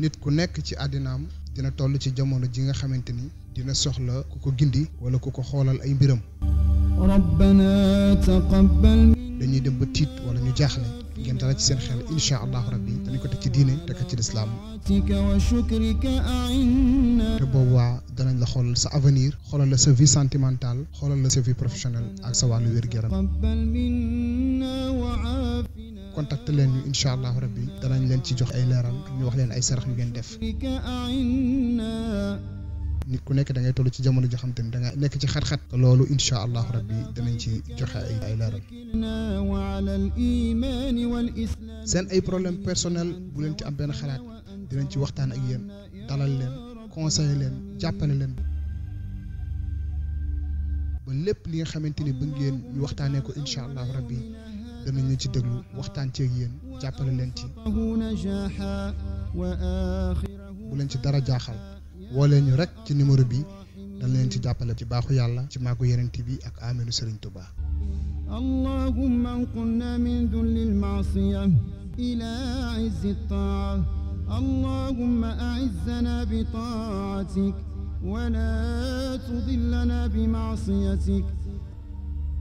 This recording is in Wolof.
nit ku nekk ci àddinaam dina toll ci jamono ji nga xamante ni dina soxla ku ko gindi wala ku ko xoolal ay mbiram ربنا تقبل dañuy dem ba tiit wala ñu jaaxle ngeen dara ci seen xel insha allah rabbi dañ ko teg ci diine teg ci lislaam te boobaa danañ la xoolal sa avenir xoolal la sa vie sentimentale xoolal la sa vie professionnelle ak sa wàllu wér-gu-yaram contacter leen ñu incha allah rabbi danañ leen ci jox ay leeral ñu wax leen ay sarax yu ngeen def. nit ku nekk da ngay toll ci jamono joo xam ni danga nekk ci xat-xat loolu incha allah rabbi danañ ci joxe ay ay leeral seen ay problème personnel bu leen ci am benn xalaat dinañ ci waxtaan ak yéen dalal leen conseiller leen jàppale leen ba lépp li nga xamante ni bëgg ngeen ñu waxtaanee ko incha allah rabbi danañ leen ci déglu waxtaan ceeg yéen jàppale leen ci bu leen ci dara jaaxal woo leen ñu rek ci numéro bi dana leen ci jàppale ci baaxu yàlla ci maagu yeneen bi ak aminu Serigne Touba اللهم انقلنا من ذل المعصية إلى عز الطاعة اللهم أعزنا بطاعتك ولا تضلنا بمعصيتك